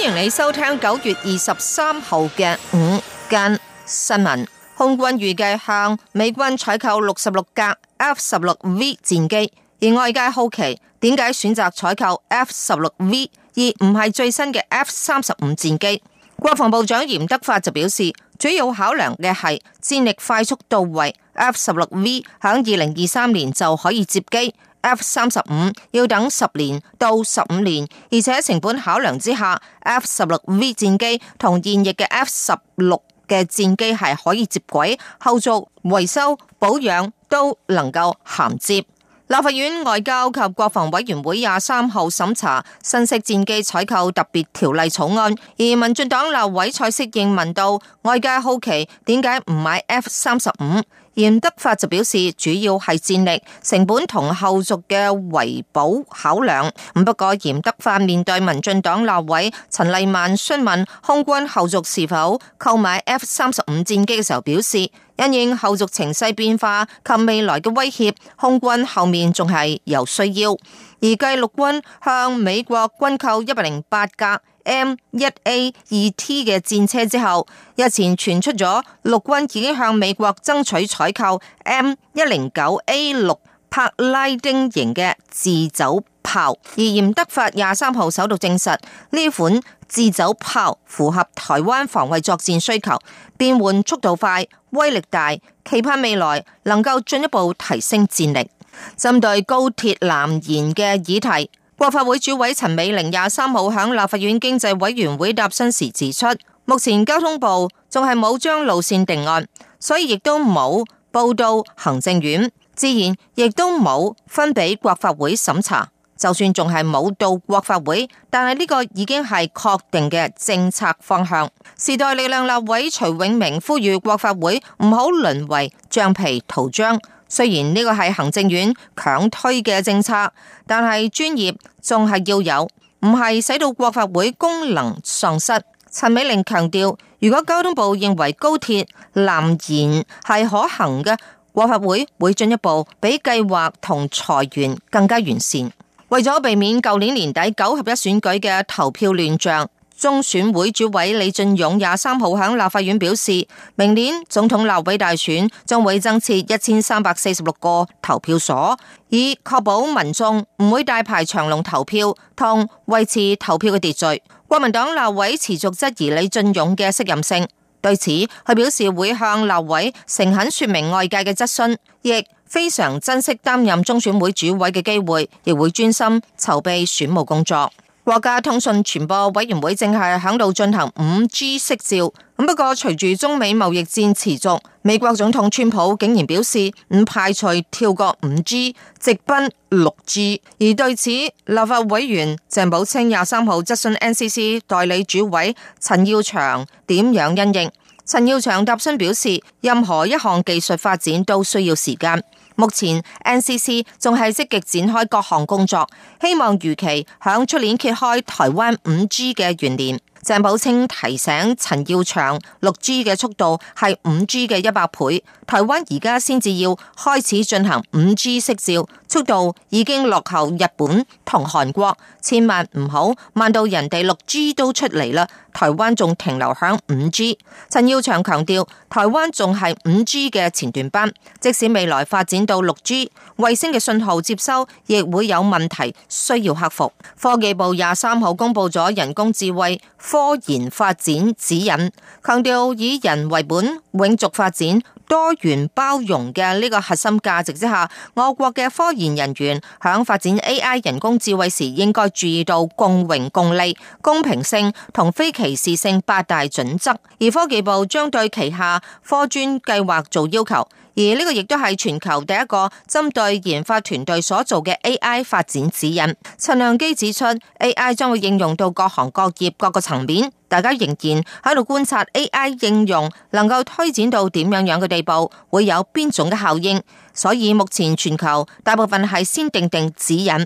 歡迎你收聽九月二十三號嘅午間新聞。空軍預計向美軍採購六十六架 F 十六 V 戰機，而外界好奇點解選擇採購 F 十六 V 而唔係最新嘅 F 三十五戰機？國防部長嚴德發就表示，主要考量嘅係戰力快速到位，F 十六 V 響二零二三年就可以接機。F 三十五要等十年到十五年，而且成本考量之下，F 十六 V 戰機同現役嘅 F 十六嘅戰機係可以接軌，後續維修保養都能夠銜接。立法院外交及國防委員會廿三號審查新式戰機採購特別條例草案，而民進黨立委蔡適應問到外界好奇點解唔買 F 三十五。35? 嚴德發就表示，主要係戰力、成本同後續嘅維保考量。咁不過嚴德發面對民進黨立委陳麗曼詢問空軍後續是否購買 F 三十五戰機嘅時候，表示。因應後續情勢變化及未來嘅威脅，空軍後面仲係有需要。而繼陸軍向美國軍購一百零八架 M1A2T 嘅戰車之後，日前傳出咗陸軍已經向美國爭取採購 M109A6 帕拉丁型嘅自走。而嚴德發廿三號首度證實呢款自走炮符合台灣防衛作戰需求，變換速度快，威力大，期盼未來能夠進一步提升戰力。針對高鐵南延嘅議題，國發會主委陳美伶廿三號響立法院經濟委員會答詢時指出，目前交通部仲係冇將路線定案，所以亦都冇報到行政院，自然亦都冇分俾國發會審查。就算仲係冇到國法會，但係呢個已經係確定嘅政策方向。時代力量立委徐永明呼籲國法會唔好淪為橡皮圖章，雖然呢個係行政院強推嘅政策，但係專業仲係要有，唔係使到國法會功能喪失。陳美伶強調，如果交通部認為高鐵南延係可行嘅，國法會會進一步俾計劃同財源更加完善。為咗避免舊年年底九合一選舉嘅投票亂象，中選會主委李進勇廿三號喺立法院表示，明年總統立委大選將會增設一千三百四十六個投票所，以確保民眾唔會大排長龍投票，同維持投票嘅秩序。國民黨立委持續質疑李進勇嘅適任性，對此佢表示會向立委誠懇說明外界嘅質詢，亦，非常珍惜擔任中選會主委嘅機會，亦會專心籌備選務工作。國家通訊傳播委員會正係響度進行五 G 釋照，咁不過隨住中美貿易戰持續，美國總統川普竟然表示唔排除跳過五 G 直奔六 G。而對此，立法委員鄭寶清廿三號質詢 NCC 代理主委陳耀祥點樣因應。陳耀祥答詢表示，任何一項技術發展都需要時間。目前 NCC 仲係積極展開各項工作，希望如期響出年揭開台灣五 G 嘅元年。鄭寶清提醒陳耀祥，六 G 嘅速度係五 G 嘅一百倍，台灣而家先至要開始進行五 G 釋照。速度已經落後日本同韓國，千萬唔好慢到人哋六 G 都出嚟啦，台灣仲停留喺五 G。陳耀祥強，強調，台灣仲係五 G 嘅前段班，即使未來發展到六 G，衛星嘅信號接收亦會有問題需要克服。科技部廿三號公布咗人工智慧科研發展指引，強調以人為本，永續發展。多元包容嘅呢個核心價值之下，我國嘅科研人員響發展 AI 人工智慧時，應該注意到共榮共利、公平性同非歧視性八大準則。而科技部將對旗下科專計劃做要求，而呢個亦都係全球第一個針對研發團隊所做嘅 AI 發展指引。陳良基指出，AI 將會應用到各行各業各個層面。大家仍然喺度觀察 AI 應用能夠推展到點樣樣嘅地步，會有邊種嘅效應。所以目前全球大部分係先定定指引，而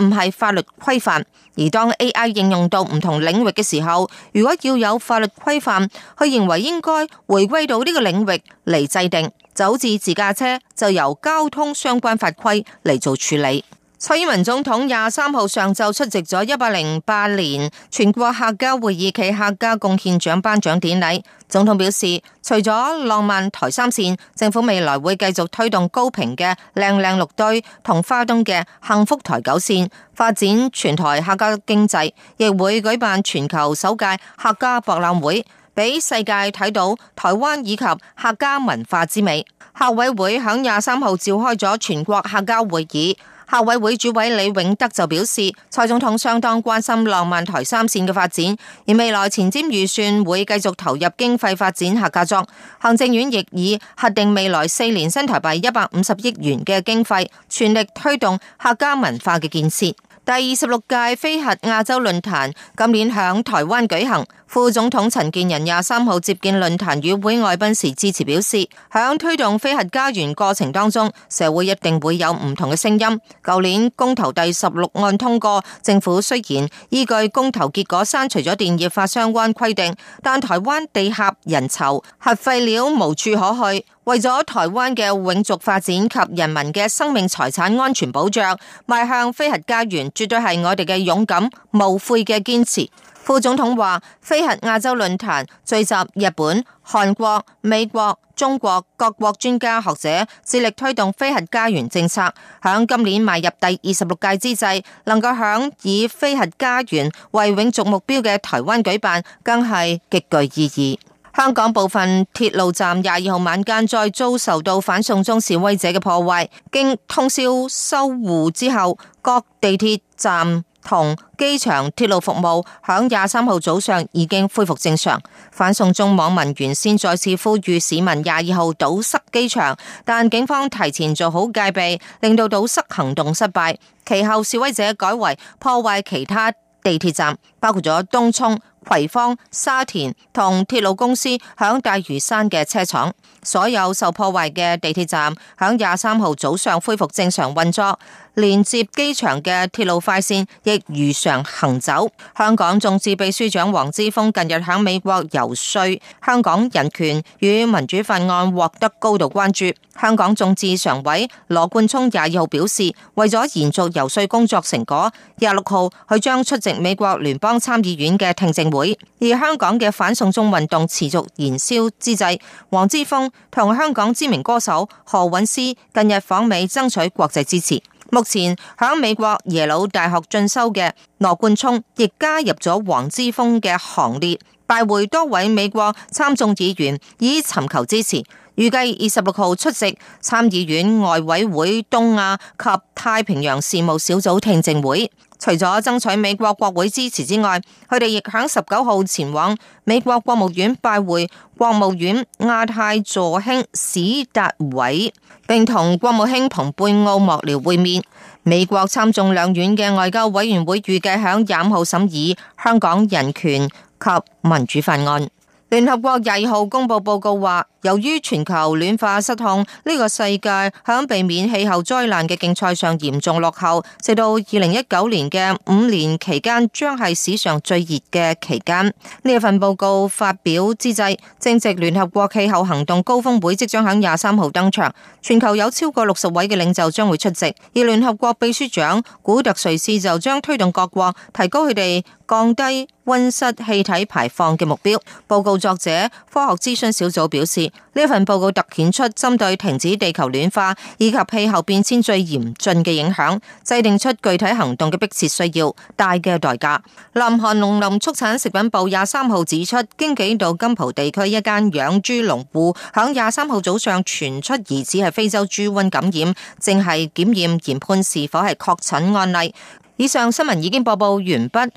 唔係法律規範。而當 AI 應用到唔同領域嘅時候，如果要有法律規範，佢認為應該回歸到呢個領域嚟制定。就好似自駕車就由交通相關法規嚟做處理。蔡英文總統廿三號上晝出席咗一百零八年全國客家會議暨客家貢獻獎頒獎典禮。總統表示，除咗浪漫台三線，政府未來會繼續推動高屏嘅靚靚六堆同花東嘅幸福台九線發展，全台客家經濟，亦會舉辦全球首屆客家博覽會，俾世界睇到台灣以及客家文化之美。客委會響廿三號召開咗全國客家會議。客委會主委李永德就表示，蔡總統相當關心浪漫台三線嘅發展，而未來前瞻預算會繼續投入經費發展客家莊，行政院亦已核定未來四年新台幣一百五十億元嘅經費，全力推動客家文化嘅建設。第二十六屆非核亞洲論壇今年響台灣舉行，副總統陳建仁廿三號接見論壇與會外賓時，致辭表示：響推動非核家園過程當中，社會一定會有唔同嘅聲音。舊年公投第十六案通過，政府雖然依據公投結果刪除咗電業法相關規定，但台灣地狹人稠，核廢料無處可去。為咗台灣嘅永續發展及人民嘅生命財產安全保障，邁向非核家園，絕對係我哋嘅勇敢、無悔嘅堅持。副總統話：非核亞洲論壇聚集日本、韓國、美國、中國各國專家學者，致力推動非核家園政策。響今年邁入第二十六屆之際，能夠響以非核家園為永續目標嘅台灣舉辦，更係極具意義。香港部分鐵路站廿二號晚間再遭受到反送中示威者嘅破壞，經通宵修護之後，各地鐵站同機場鐵路服務響廿三號早上已經恢復正常。反送中網民原先再次呼籲市民廿二號堵塞機場，但警方提前做好戒備，令到堵塞行動失敗。其後示威者改為破壞其他地鐵站，包括咗東涌。葵芳、沙田同鐵路公司響大嶼山嘅車廠，所有受破壞嘅地鐵站響廿三號早上恢復正常運作。連接機場嘅鐵路快線亦如常行走。香港眾志秘書長黃之鋒近日喺美國遊說香港人權與民主法案，獲得高度關注。香港眾志常委羅冠聰廿二號表示，為咗延續遊說工作成果，廿六號佢將出席美國聯邦參議院嘅聽證會。而香港嘅反送中運動持續燃燒之際，黃之鋒同香港知名歌手何韻詩近日訪美爭取國際支持。目前喺美國耶魯大學進修嘅羅冠聰，亦加入咗黃之鋒嘅行列，拜會多位美國參眾議員以尋求支持，預計二十六號出席參議院外委會東亞及太平洋事務小組聽證會。除咗爭取美國國會支持之外，佢哋亦響十九號前往美國國務院拜會國務院亞太助卿史達偉，並同國務卿蓬佩奧幕僚會面。美國參眾兩院嘅外交委員會預計響廿五號審議香港人權及民主法案。聯合國廿二號公佈報告話，由於全球暖化失控，呢個世界響避免氣候災難嘅競賽上嚴重落後，直到二零一九年嘅五年期間，將係史上最熱嘅期間。呢份報告發表之際，正值聯合國氣候行動高峰會即將喺廿三號登場，全球有超過六十位嘅領袖將會出席，而聯合國秘書長古特瑞斯就將推動各國提高佢哋降低溫室氣體排放嘅目標。報告作者科學諮詢小組表示。呢份報告凸顯出針對停止地球暖化以及氣候變遷最嚴峻嘅影響，制定出具體行動嘅迫切需要，大嘅代價。南韓農林畜產食品部廿三號指出，京畿道金浦地區一間養豬農戶響廿三號早上傳出疑似係非洲豬瘟感染，正係檢驗研判是否係確診案例。以上新聞已經播報完畢，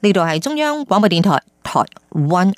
呢度係中央廣播電台台灣。